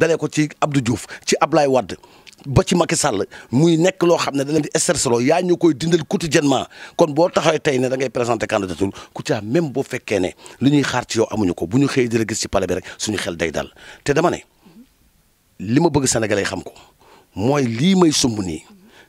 dalee ko ci Abdou juuf ci ablaay wadd ba ci Macky Sall muy nekk loo xam ne da leen di stressé yaa ñu koy dindal quotidiennement kon boo taxawee tey ne da ngay présenté candidature Kouthia même boo fekkee ne lu ñuy xaar ci yoo amuñu ko bu ñu xëyee di la gis ci bi rek su ñu xel day daal te dama ne li ma bëgg sénégalais xam ko mooy lii may sumb nii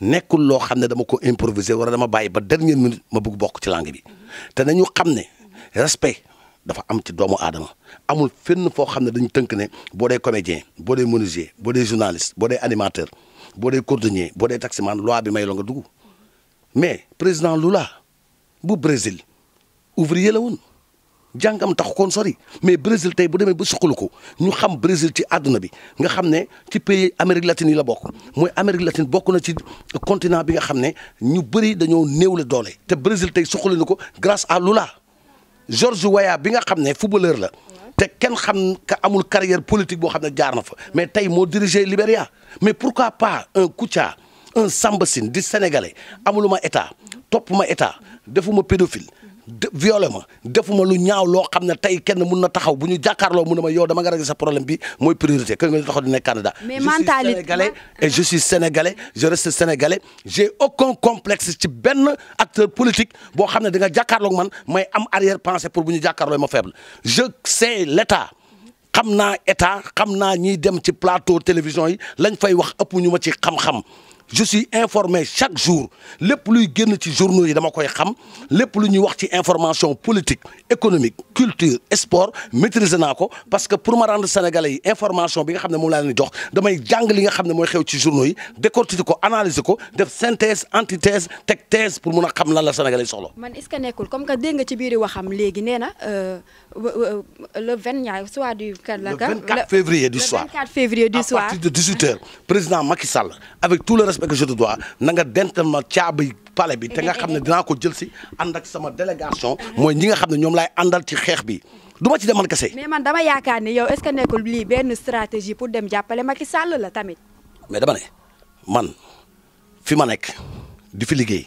nekkul loo xam ne dama ko improviser wala dama bàyyi ba dernière minute ma bëgg bokk ci langue bi te xam ne respect. dafa am ci doomu aadama amul fenn foo xam ne dañu tënk ne boo dee comédien boo dee menuisier boo dee journaliste boo dee animateur boo dee cordonnier boo dee taximan loi bi may la nga dugg mais président Lula bu Brésil ouvrier la woon jàngam tax kon sori mais Brésil tey bu demee ba suqalu ko ñu xam Brésil ci àdduna bi nga xam ne ci pays Amérique latine yi la bokk mooy Amérique latine bokk na ci continent bi nga xam ne ñu bëri dañoo néewle doole te Brésil tey suqali na ko grâce à Lula. George Weah bi nga xam ne footballeur la. te kenn xam ka amul carrière politique boo xam ne jaar na fa. mais tey moo diriger Libéria mais pourquoi pas un Kouthia un Samba Sine di sénégalais amuluma état topp ma état ma pédophile. violé ma defuma lu ñaaw lo xamne tay kenn mun na taxaw buñu jakarlo jàkkaarloo mun yow dama nga régler sa problème bi moy priorité que nga taxaw di nekk candidat. mais mentalité sénégalais hein? et je suis sénégalais je reste sénégalais j'ai aucun complexe ci ben acteur politique bo xamne ne da nga jàkkaarloog man may am arrière pensée pour buñu jakarlo ma faible je sais l'état xamna état xamna ñi dem ci plateau télévision yi lañ fay wax ëpp ñuma ci xam-xam je suis informé chaque jour les plus journaux information politique économique culture sport parce que pour me rendre sénégalais information bi nga de ne de mes que journaux synthèse antithèse thèse pour est-ce que comme que euh, le du. le 24 février du soir le 24 février du soir à partir de 18h président Macky Sall avec tout le respect que je te a na nga dental ma caabi palais bi te nga xam ne dinaa ko jël si ànd ak sama délégation mooy ñi nga xam ne ñoom laay àndal ci xeex bi du ma ci demal kese. mais man dama yaakaar ni yow est-ce que nekkul lii benn stratégie pour dem jàppale Macky Sall la tamit. mais dama man fi ma nekk di fi liggéey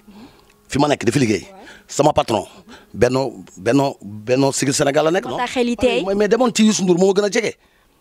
fi ma nekk di liggéey sama patron Benno Benno Benno Siggil Sénégal la nekk non. xel yi tey mais demoon ci Youssou Ndour moo gën a jege.